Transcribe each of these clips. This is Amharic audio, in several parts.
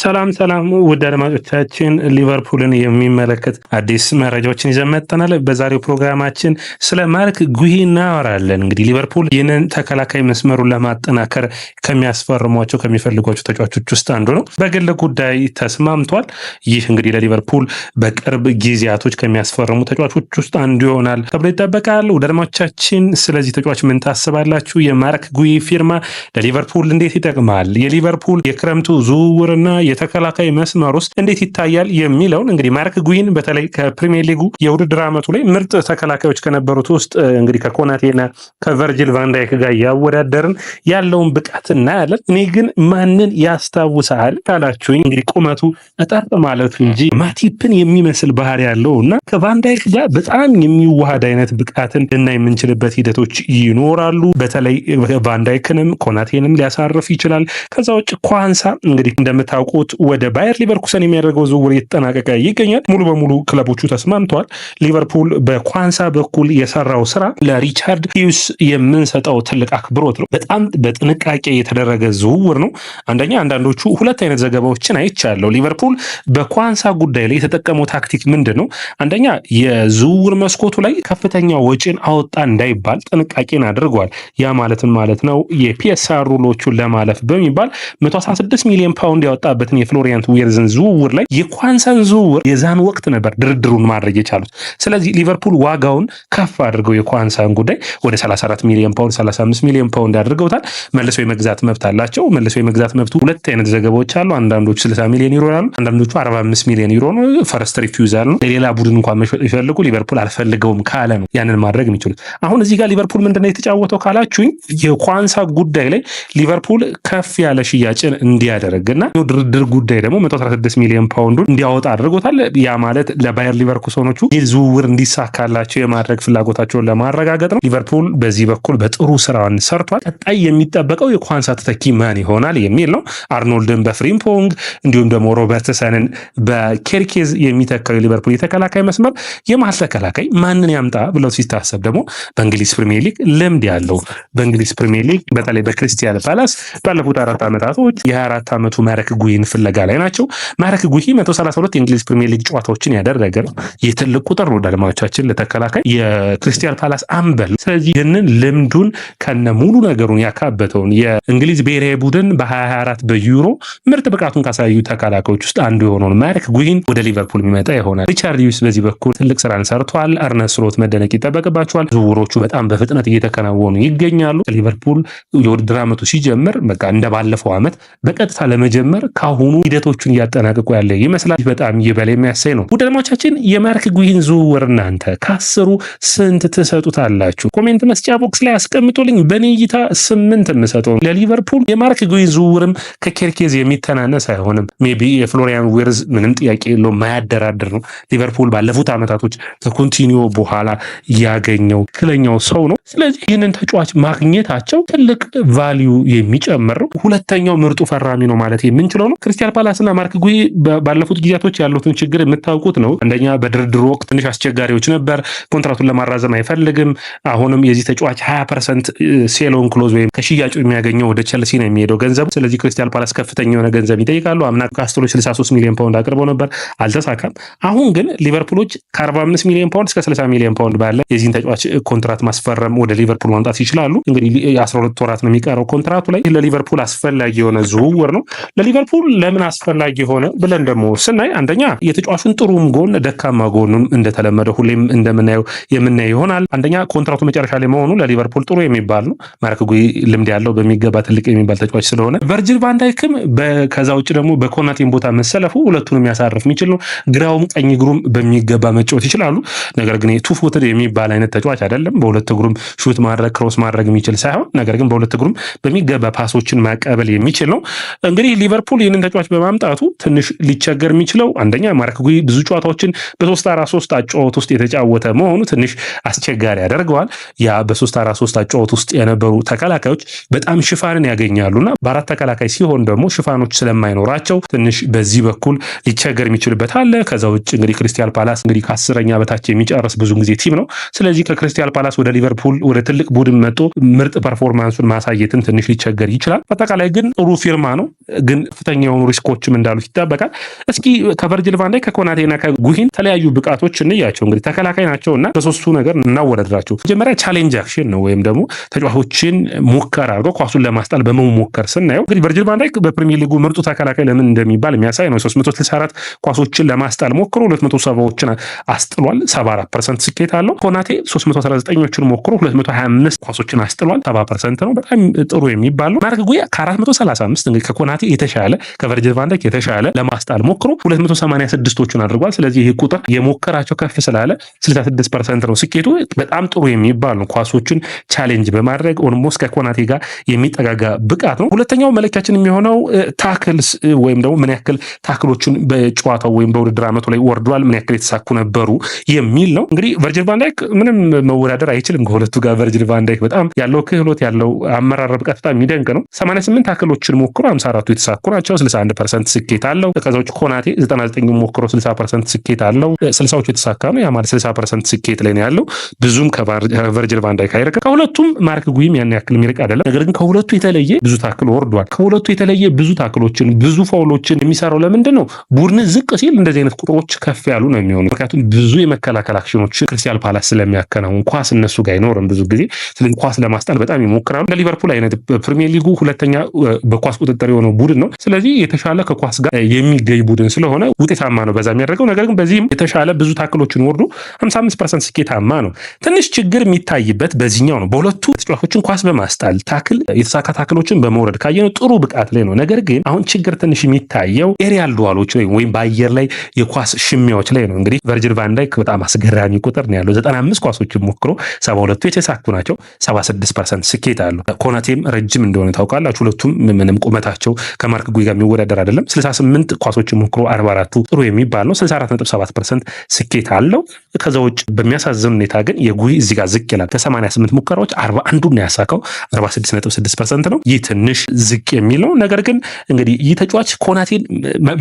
ሰላም ሰላም ውድ አድማጮቻችን፣ ሊቨርፑልን የሚመለከት አዲስ መረጃዎችን ይዘን መጥተናል። በዛሬው ፕሮግራማችን ስለ ማርክ ጉሂ እናወራለን። እንግዲህ ሊቨርፑል ይህንን ተከላካይ መስመሩን ለማጠናከር ከሚያስፈርሟቸው ከሚፈልጓቸው ተጫዋቾች ውስጥ አንዱ ነው። በግል ጉዳይ ተስማምቷል። ይህ እንግዲህ ለሊቨርፑል በቅርብ ጊዜያቶች ከሚያስፈርሙ ተጫዋቾች ውስጥ አንዱ ይሆናል ተብሎ ይጠበቃል። ውድ አድማጮቻችን፣ ስለዚህ ተጫዋች ምን ታስባላችሁ? የማርክ ጉሂ ፊርማ ለሊቨርፑል እንዴት ይጠቅማል? የሊቨርፑል የክረምቱ ዝውውርና የተከላካይ መስመር ውስጥ እንዴት ይታያል የሚለውን እንግዲህ ማርክ ጉን በተለይ ከፕሪሚየር ሊጉ የውድድር ዓመቱ ላይ ምርጥ ተከላካዮች ከነበሩት ውስጥ እንግዲህ ከኮናቴና ከቨርጅል ቫንዳይክ ጋር ያወዳደርን ያለውን ብቃት እናያለን። እኔ ግን ማንን ያስታውሳል ካላችሁኝ እንግዲህ ቁመቱ እጠር ማለቱ እንጂ ማቲፕን የሚመስል ባህሪ ያለው እና ከቫንዳይክ ጋር በጣም የሚዋሃድ አይነት ብቃትን ልና የምንችልበት ሂደቶች ይኖራሉ። በተለይ ቫንዳይክንም ኮናቴንም ሊያሳርፍ ይችላል። ከዛ ውጭ ኳንሳ እንግዲህ እንደምታውቁ በናፍቆት ወደ ባየር ሊቨርኩሰን የሚያደርገው ዝውውር እየተጠናቀቀ ይገኛል። ሙሉ በሙሉ ክለቦቹ ተስማምተዋል። ሊቨርፑል በኳንሳ በኩል የሰራው ስራ ለሪቻርድ ሂውስ የምንሰጠው ትልቅ አክብሮት ነው። በጣም በጥንቃቄ የተደረገ ዝውውር ነው። አንደኛ አንዳንዶቹ ሁለት አይነት ዘገባዎችን አይቻለሁ። ሊቨርፑል በኳንሳ ጉዳይ ላይ የተጠቀመው ታክቲክ ምንድን ነው? አንደኛ የዝውውር መስኮቱ ላይ ከፍተኛ ወጪን አወጣ እንዳይባል ጥንቃቄን አድርጓል። ያ ማለትም ማለት ነው የፒኤስአር ሩሎቹን ለማለፍ በሚባል 116 ሚሊዮን ፓውንድ ያወጣበት ማለትም የፍሎሪያን ዊርዝን ዝውውር ላይ የኳንሳን ዝውውር የዛን ወቅት ነበር ድርድሩን ማድረግ የቻሉት። ስለዚህ ሊቨርፑል ዋጋውን ከፍ አድርገው የኳንሳን ጉዳይ ወደ 34 ሚሊዮን ፓውንድ 35 ሚሊዮን ፓውንድ አድርገውታል። መልሶ የመግዛት መብት አላቸው። መልሶ የመግዛት መብቱ ሁለት አይነት ዘገባዎች አሉ። አንዳንዶቹ 60 ሚሊዮን ዩሮ ይላሉ፣ አንዳንዶቹ 45 ሚሊዮን ዩሮ ነው። ፈረስት ሪፊውዛል ነው። ለሌላ ቡድን እንኳን መሸጥ ይፈልጉ ሊቨርፑል አልፈልገውም ካለ ነው ያንን ማድረግ የሚችሉት። አሁን እዚህ ጋር ሊቨርፑል ምንድነው የተጫወተው ካላችሁኝ የኳንሳ ጉዳይ ላይ ሊቨርፑል ከፍ ያለ ሽያጭን እንዲያደርግ እና ድርድር የዝውውር ጉዳይ ደግሞ 116 ሚሊዮን ፓውንዱን እንዲያወጣ አድርጎታል። ያ ማለት ለባየር ሊቨርኩሰኖቹ ይህ ዝውውር እንዲሳካላቸው የማድረግ ፍላጎታቸውን ለማረጋገጥ ነው። ሊቨርፑል በዚህ በኩል በጥሩ ስራን ሰርቷል። ቀጣይ የሚጠበቀው የኳንሳ ተተኪ ማን ይሆናል የሚል ነው። አርኖልድን በፍሪምፖንግ እንዲሁም ደግሞ ሮበርትሰንን በኬርኬዝ የሚተካው የሊቨርፑል የተከላካይ መስመር የመሀል ተከላካይ ማንን ያምጣ ብለው ሲታሰብ ደግሞ በእንግሊዝ ፕሪሚየር ሊግ ልምድ ያለው በእንግሊዝ ፕሪሚየር ሊግ በተለይ በክሪስታል ፓላስ ባለፉት አራት ዓመታቶች የ24 ዓመቱ መረክ ጉይን ፍለጋ ላይ ናቸው። ማረክ ጉሂ 132 የእንግሊዝ ፕሪሚየር ሊግ ጨዋታዎችን ያደረገ ነው። ይህ ትልቅ ቁጥር ነው ለአድማጮቻችን፣ ለተከላካይ የክሪስታል ፓላስ አምበል። ስለዚህ ይህንን ልምዱን ከነ ሙሉ ነገሩን ያካበተውን የእንግሊዝ ብሔራዊ ቡድን በ 24 በዩሮ ምርጥ ብቃቱን ካሳዩ ተከላካዮች ውስጥ አንዱ የሆነውን ማረክ ጉሂን ወደ ሊቨርፑል የሚመጣ ይሆናል። ሪቻርድ ዩስ በዚህ በኩል ትልቅ ስራን ሰርቷል። አርነ ስሎት መደነቅ ይጠበቅባቸዋል። ዝውውሮቹ በጣም በፍጥነት እየተከናወኑ ይገኛሉ። ሊቨርፑል የውድድር ዓመቱ ሲጀምር በቃ እንደባለፈው ዓመት በቀጥታ ለመጀመር አሁኑ ሂደቶቹን እያጠናቀቁ ያለ ይመስላል። በጣም ይበል የሚያሳይ ነው። ውደድማቻችን የማርክ ጉሂን ዝውውር እናንተ ከአስሩ ስንት ትሰጡታላችሁ? ኮሜንት መስጫ ቦክስ ላይ አስቀምጡልኝ። በኔ እይታ ስምንት የምሰጠው ለሊቨርፑል የማርክ ጉሂን ዝውውርም ከኬርኬዝ የሚተናነስ አይሆንም። ሜቢ የፍሎሪያን ዊርዝ ምንም ጥያቄ የለው ማያደራድር ነው። ሊቨርፑል ባለፉት ዓመታቶች ከኮንቲኒዮ በኋላ ያገኘው ክለኛው ሰው ነው። ስለዚህ ይህንን ተጫዋች ማግኘታቸው ትልቅ ቫሊዩ የሚጨምር ሁለተኛው ምርጡ ፈራሚ ነው ማለት የምንችለው ነው። ክርስቲያን ፓላስና ማርክ ጉሂ ባለፉት ጊዜያቶች ያሉትን ችግር የምታውቁት ነው። አንደኛ በድርድሩ ወቅት ትንሽ አስቸጋሪዎች ነበር። ኮንትራቱን ለማራዘም አይፈልግም። አሁንም የዚህ ተጫዋች ሀያ ፐርሰንት ሴሎን ክሎዝ ወይም ከሽያጩ የሚያገኘው ወደ ቸልሲ ነው የሚሄደው ገንዘቡ። ስለዚህ ክርስቲያን ፓላስ ከፍተኛ የሆነ ገንዘብ ይጠይቃሉ። አምና ካስትሎች 63 ሚሊዮን ፓውንድ አቅርበው ነበር፣ አልተሳካም። አሁን ግን ሊቨርፑሎች ከ45 ሚሊዮን ፓውንድ እስከ 60 ሚሊዮን ፓውንድ ባለ የዚህን ተጫዋች ኮንትራት ማስፈረም ወደ ሊቨርፑል ማምጣት ይችላሉ። እንግዲህ 12 ወራት ነው የሚቀረው ኮንትራቱ ላይ። ለሊቨርፑል አስፈላጊ የሆነ ዝውውር ነው ለሊቨርፑል ለምን አስፈላጊ ሆነ ብለን ደግሞ ስናይ አንደኛ የተጫዋቹን ጥሩም ጎን ደካማ ጎኑም እንደተለመደ ሁሌም እንደምናየው የምናየው ይሆናል። አንደኛ ኮንትራቱ መጨረሻ ላይ መሆኑ ለሊቨርፑል ጥሩ የሚባል ነው። ማረክጉ ልምድ ያለው በሚገባ ትልቅ የሚባል ተጫዋች ስለሆነ ቨርጅል ቫንዳይክም ከዛ ውጭ ደግሞ በኮናቴን ቦታ መሰለፉ ሁለቱንም ያሳርፍ የሚችል ነው። ግራውም ቀኝ እግሩም በሚገባ መጫወት ይችላሉ። ነገር ግን ቱ ፉትድ የሚባል አይነት ተጫዋች አይደለም። በሁለት እግሩም ሹት ማድረግ ክሮስ ማድረግ የሚችል ሳይሆን ነገር ግን በሁለት እግሩም በሚገባ ፓሶችን ማቀበል የሚችል ነው። እንግዲህ ሊቨርፑል ይህንን ይህንን ተጫዋች በማምጣቱ ትንሽ ሊቸገር የሚችለው አንደኛ ማርክ ጉሂ ብዙ ጨዋታዎችን በሶስት አራት ሶስት አጫወት ውስጥ የተጫወተ መሆኑ ትንሽ አስቸጋሪ ያደርገዋል። ያ በሶስት አራት ሶስት አጫወት ውስጥ የነበሩ ተከላካዮች በጣም ሽፋንን ያገኛሉና በአራት ተከላካይ ሲሆን ደግሞ ሽፋኖች ስለማይኖራቸው ትንሽ በዚህ በኩል ሊቸገር የሚችልበት አለ። ከዛ ውጭ እንግዲህ ክሪስታል ፓላስ እንግዲህ ከአስረኛ በታች የሚጨርስ ብዙ ጊዜ ቲም ነው። ስለዚህ ከክሪስታል ፓላስ ወደ ሊቨርፑል ወደ ትልቅ ቡድን መጥቶ ምርጥ ፐርፎርማንሱን ማሳየትን ትንሽ ሊቸገር ይችላል። በአጠቃላይ ግን ጥሩ ፊርማ ነው ግን ከፍተኛ የሚሆኑ ሪስኮችም እንዳሉት ይጠበቃል። እስኪ ከቨርጅል ቫን ላይ ከኮናቴና ከጉሂን ተለያዩ ብቃቶች እንያቸው። እንግዲህ ተከላካይ ናቸው እና በሶስቱ ነገር እናወዳድራቸው። መጀመሪያ ቻሌንጅ አክሽን ነው ወይም ደግሞ ተጫዋቾችን ሙከር አድርገው ኳሱን ለማስጣል በመሞከር ስናየው እንግዲህ ቨርጅል ቫን ዳይክ በፕሪሚየር ሊጉ ምርጡ ተከላካይ ለምን እንደሚባል የሚያሳይ ነው። 364 ኳሶችን ለማስጣል ሞክሮ 200 ዎችን አስጥሏል። 74 ፐርሰንት ስኬት አለው። ኮናቴ 319ዎችን ሞክሮ 225 ኳሶችን አስጥሏል። 70 ፐርሰንት ነው። በጣም ጥሩ የሚባል ነው። ማርክ ጉያ ከ435 እንግዲህ ከኮናቴ የተሻለ ከቨርጅል ቫንዳይክ የተሻለ ለማስጣል ሞክሮ 286ቶቹን አድርጓል። ስለዚህ ይህ ቁጥር የሞከራቸው ከፍ ስላለ 66 ፐርሰንት ነው። ስኬቱ በጣም ጥሩ የሚባል ነው። ኳሶችን ቻሌንጅ በማድረግ ኦልሞስት ከኮናቴ ጋር የሚጠጋጋ ብቃት ነው። ሁለተኛው መለኪያችን የሚሆነው ታክልስ ወይም ደግሞ ምን ያክል ታክሎችን በጨዋታው ወይም በውድድር ዓመቱ ላይ ወርዷል፣ ምን ያክል የተሳኩ ነበሩ የሚል ነው። እንግዲህ ቨርጅል ቫንዳይክ ምንም መወዳደር አይችልም ከሁለቱ ጋር። ቨርጅል ቫንዳይክ በጣም ያለው ክህሎት ያለው አመራር ብቃት በጣም የሚደንቅ ነው። 88 ታክሎችን ሞክሮ 54ቱ የተሳኩ ናቸው። 61 ፐርሰንት ስኬት አለው። ከዛዎች ኮናቴ 99 ሞክሮ 60 ፐርሰንት ስኬት አለው። ስልሳዎቹ የተሳካ ነው። ያ ማለት 60 ፐርሰንት ስኬት ላይ ነው ያለው። ብዙም ከቨርጅል ቫን አይርቅም። ከሁለቱም ማርክ ጉይም ያን ያክል የሚርቅ አይደለም። ነገር ግን ከሁለቱ የተለየ ብዙ ታክል ወርዷል። ከሁለቱ የተለየ ብዙ ታክሎችን፣ ብዙ ፋውሎችን የሚሰራው ለምንድን ነው? ቡድን ዝቅ ሲል እንደዚህ አይነት ቁጥሮች ከፍ ያሉ ነው የሚሆኑ። ምክንያቱም ብዙ የመከላከል አክሽኖችን ክርስቲያል ፓላስ ስለሚያከናውን ኳስ እነሱ ጋር አይኖርም ብዙ ጊዜ። ስለዚህ ኳስ ለማስጣል በጣም ይሞክራሉ። እንደ ሊቨርፑል አይነት ፕሪሚየር ሊጉ ሁለተኛ በኳስ ቁጥጥር የሆነው ቡድን ነው። ስለዚህ የተሻለ ከኳስ ጋር የሚገኝ ቡድን ስለሆነ ውጤታማ ነው በዛ የሚያደርገው። ነገር ግን በዚህም የተሻለ ብዙ ታክሎችን ወርዶ 55 ፐርሰንት ስኬታማ ነው። ትንሽ ችግር የሚታይበት በዚህኛው ነው። በሁለቱ ተጫዋቾችን ኳስ በማስጣል ታክል፣ የተሳካ ታክሎችን በመውረድ ካየነው ጥሩ ብቃት ላይ ነው። ነገር ግን አሁን ችግር ትንሽ የሚታየው ኤሪያል ዱዋሎች ላይ ወይም በአየር ላይ የኳስ ሽሚያዎች ላይ ነው። እንግዲህ ቨርጅል ቫን በጣም አስገራሚ ቁጥር ነው ያለው። 95 ኳሶችን ሞክሮ 72ቱ የተሳኩ ናቸው። 76 ፐርሰንት ስኬት አሉ። ኮናቴም ረጅም እንደሆነ ታውቃላችሁ። ሁለቱም ምንም ቁመታቸው ከማርክ ጉይ ጋር የሚወዳደር አይደለም። 68 ኳሶች ሞክሮ 44ቱ ጥሩ የሚባል ነው። 64.7 ፐርሰንት ስኬት አለው። ከዛ ውጭ በሚያሳዝን ሁኔታ ግን የጉይ እዚህ ጋር ዝቅ ይላል። ከ88 ሙከራዎች 41 ዱ ነው ያሳካው፣ 46.6 ፐርሰንት ነው። ይህ ትንሽ ዝቅ የሚል ነው። ነገር ግን እንግዲህ ይህ ተጫዋች ኮናቴን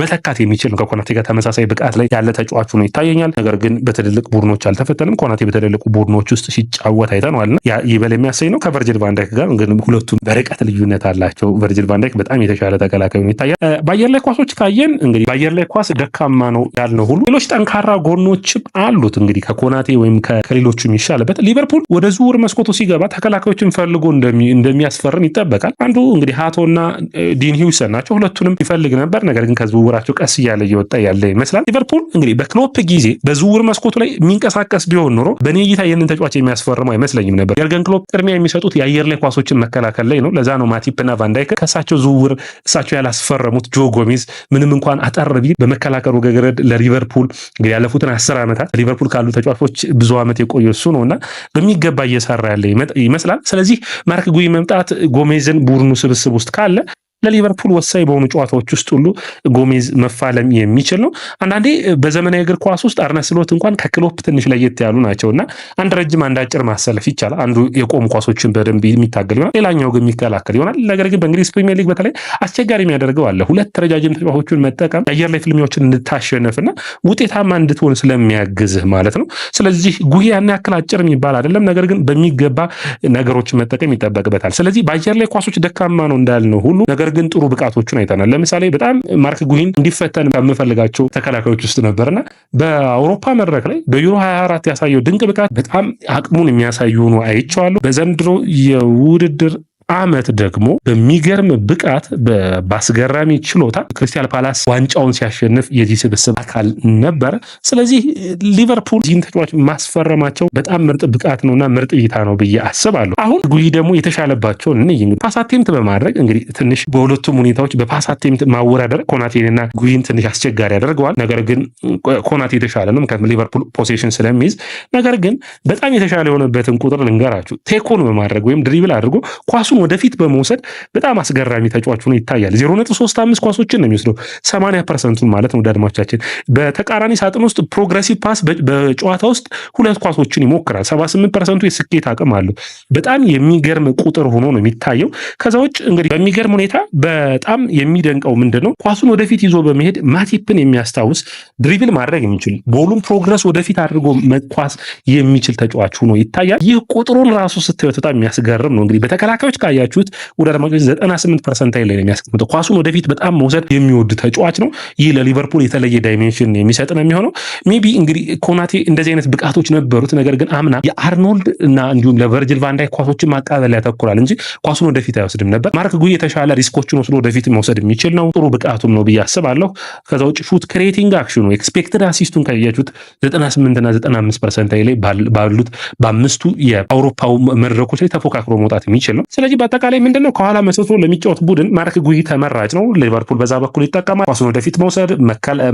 መተካት የሚችል ነው። ከኮናቴ ጋር ተመሳሳይ ብቃት ላይ ያለ ተጫዋች ሆኖ ይታየኛል። ነገር ግን በትልልቅ ቡድኖች አልተፈተንም። ኮናቴ በትልልቁ ቡድኖች ውስጥ ሲጫወት አይተነዋልና ይበል የሚያሰኝ ነው። ከቨርጅል ቫንዳይክ ጋር ሁለቱም በርቀት ልዩነት አላቸው። ቨርጅል ቫንዳይክ በጣም የተሻለ ተከላካይ ሁኔታ በአየር ላይ ኳሶች ካየን እንግዲህ በአየር ላይ ኳስ ደካማ ነው ያልነው ሁሉ ሌሎች ጠንካራ ጎኖችም አሉት። እንግዲህ ከኮናቴ ወይም ከሌሎቹ የሚሻልበት ሊቨርፑል ወደ ዝውውር መስኮቱ ሲገባ ተከላካዮችን ፈልጎ እንደሚያስፈርም ይጠበቃል። አንዱ እንግዲህ ሃቶና ዲን ሂውሰን ናቸው። ሁለቱንም ይፈልግ ነበር፣ ነገር ግን ከዝውውራቸው ቀስ እያለ እየወጣ ያለ ይመስላል። ሊቨርፑል እንግዲህ በክሎፕ ጊዜ በዝውውር መስኮቱ ላይ የሚንቀሳቀስ ቢሆን ኖሮ በእኔ እይታ ይህንን ተጫዋች የሚያስፈርመው አይመስለኝም ነበር። የርገን ክሎፕ ቅድሚያ የሚሰጡት የአየር ላይ ኳሶችን መከላከል ላይ ነው። ለዛ ነው ማቲፕና ቫንዳይክ ከእሳቸው ዝውውር እሳቸው ያላስፈር ያስፈረሙት ጆ ጎሜዝ ምንም እንኳን አጠር ቢል በመከላከሉ ረገድ ለሊቨርፑል ያለፉትን አስር ዓመታት ሊቨርፑል ካሉ ተጫዋቾች ብዙ ዓመት የቆየ እሱ ነው እና በሚገባ እየሰራ ያለ ይመስላል። ስለዚህ ማርክ ጉይ መምጣት ጎሜዝን ቡድኑ ስብስብ ውስጥ ካለ ለሊቨርፑል ወሳኝ በሆኑ ጨዋታዎች ውስጥ ሁሉ ጎሜዝ መፋለም የሚችል ነው። አንዳንዴ በዘመናዊ እግር ኳስ ውስጥ አርነ ስሎት እንኳን ከክሎፕ ትንሽ ለየት ያሉ ናቸው እና አንድ ረጅም አንድ አጭር ማሰለፍ ይቻላል። አንዱ የቆሙ ኳሶችን በደንብ የሚታገል ይሆናል፣ ሌላኛው ግን የሚከላከል ይሆናል። ነገር ግን በእንግሊዝ ፕሪሚየር ሊግ በተለይ አስቸጋሪ የሚያደርገው አለ ሁለት ረጃጅም ተጫዋቾችን መጠቀም የአየር ላይ ፍልሚያዎችን እንድታሸነፍና ውጤታማ እንድትሆን ስለሚያግዝህ ማለት ነው። ስለዚህ ጉሄ ያን ያክል አጭር የሚባል አይደለም፣ ነገር ግን በሚገባ ነገሮችን መጠቀም ይጠበቅበታል። ስለዚህ በአየር ላይ ኳሶች ደካማ ነው እንዳልነው ሁሉ ነገር ነገር ግን ጥሩ ብቃቶቹን አይተናል። ለምሳሌ በጣም ማርክ ጉሂን እንዲፈተን ከምፈልጋቸው ተከላካዮች ውስጥ ነበርና በአውሮፓ መድረክ ላይ በዩሮ 24 ያሳየው ድንቅ ብቃት በጣም አቅሙን የሚያሳዩ ሆኖ አይቼዋለሁ። በዘንድሮ የውድድር ዓመት ደግሞ በሚገርም ብቃት በአስገራሚ ችሎታ ክርስቲያል ፓላስ ዋንጫውን ሲያሸንፍ የዚህ ስብስብ አካል ነበር። ስለዚህ ሊቨርፑል ዚህን ተጫዋች ማስፈረማቸው በጣም ምርጥ ብቃት ነውና ምርጥ እይታ ነው ብዬ አስባለሁ። አሁን ጉይ ደግሞ የተሻለባቸው እንይ ፓስ በማድረግ እንግዲህ ትንሽ በሁለቱም ሁኔታዎች በፓሳቴምት አቴምት ማወዳደር ኮናቴንና ጉይን ትንሽ አስቸጋሪ ያደርገዋል። ነገር ግን ኮናቴ የተሻለ ነው፣ ምክንያቱም ሊቨርፑል ፖሴሽን ስለሚይዝ። ነገር ግን በጣም የተሻለ የሆነበትን ቁጥር ልንገራችሁ፣ ቴኮን በማድረግ ወይም ድሪብል አድርጎ ኳሱን ወደፊት በመውሰድ በጣም አስገራሚ ተጫዋች ሆኖ ይታያል። ዜሮ ነጥብ ሶስት አምስት ኳሶችን ነው የሚወስደው ሰማንያ ፐርሰንቱን ማለት ነው። አድማጮቻችን በተቃራኒ ሳጥን ውስጥ ፕሮግረሲቭ ፓስ በጨዋታ ውስጥ ሁለት ኳሶችን ይሞክራል። ሰባ ስምንት ፐርሰንቱ የስኬት አቅም አለው። በጣም የሚገርም ቁጥር ሆኖ ነው የሚታየው። ከዛ ውጭ እንግዲህ በሚገርም ሁኔታ በጣም የሚደንቀው ምንድን ነው ኳሱን ወደፊት ይዞ በመሄድ ማቲፕን የሚያስታውስ ድሪብል ማድረግ የሚችል ቦሉን ፕሮግረስ ወደፊት አድርጎ መኳስ የሚችል ተጫዋች ሆኖ ይታያል። ይህ ቁጥሩን ራሱ ስታዩት በጣም የሚያስገርም ነው እንግዲህ በተከላካዮች እንዳያችሁት ወደ አድማጮች 98 ፐርሰንታይል ላይ ነው የሚያስቀምጠው። ኳሱን ወደፊት በጣም መውሰድ የሚወድ ተጫዋች ነው። ይህ ለሊቨርፑል የተለየ ዳይሜንሽን የሚሰጥ ነው የሚሆነው። ሜቢ እንግዲህ ኮናቴ እንደዚህ አይነት ብቃቶች ነበሩት፣ ነገር ግን አምና የአርኖልድ እና እንዲሁም ለቨርጅል ቫንዳይ ኳሶችን ማቃበል ያተኩራል እንጂ ኳሱን ወደፊት አይወስድም ነበር። ማርክ ጉይ የተሻለ ሪስኮችን ወስዶ ወደፊት መውሰድ የሚችል ነው። ጥሩ ብቃቱም ነው ብዬ አስባለሁ። ከዛ ውጭ ሹት ክሬቲንግ አክሽኑ ኤክስፔክትድ አሲስቱን ካያችሁት 98 እና 95 ፐርሰንታይል ላይ ባሉት በአምስቱ የአውሮፓው መድረኮች ላይ ተፎካክሮ መውጣት የሚችል ነው። ስለዚህ በአጠቃላይ ምንድነው ከኋላ መስቶ ለሚጫወት ቡድን ማርክ ጉሂ ተመራጭ ነው። ሊቨርፑል በዛ በኩል ይጠቀማል። ኳሱን ወደፊት መውሰድ፣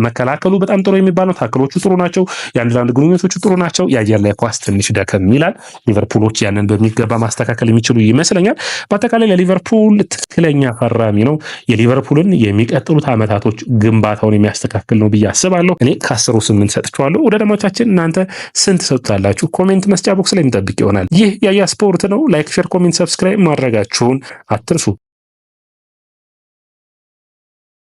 መከላከሉ በጣም ጥሩ የሚባል ነው። ታክሎቹ ጥሩ ናቸው። የአንድ ለአንድ ግንኙነቶቹ ጥሩ ናቸው። የአየር ላይ ኳስ ትንሽ ደከም ይላል። ሊቨርፑሎች ያንን በሚገባ ማስተካከል የሚችሉ ይመስለኛል። በአጠቃላይ ለሊቨርፑል ትክክለኛ ፈራሚ ነው። የሊቨርፑልን የሚቀጥሉት ዓመታቶች ግንባታውን የሚያስተካክል ነው ብዬ አስባለሁ። እኔ ከአስሩ ስምንት ሰጥቼዋለሁ። ወደ ደማቻችን እናንተ ስንት ሰጡታላችሁ? ኮሜንት መስጫ ቦክስ ላይ የሚጠብቅ ይሆናል። ይህ ያያ ስፖርት ነው። ላይክ፣ ሼር፣ ኮሜንት፣ ሰብስክራይብ ማድረግ ማድረጋችሁን አትርሱ።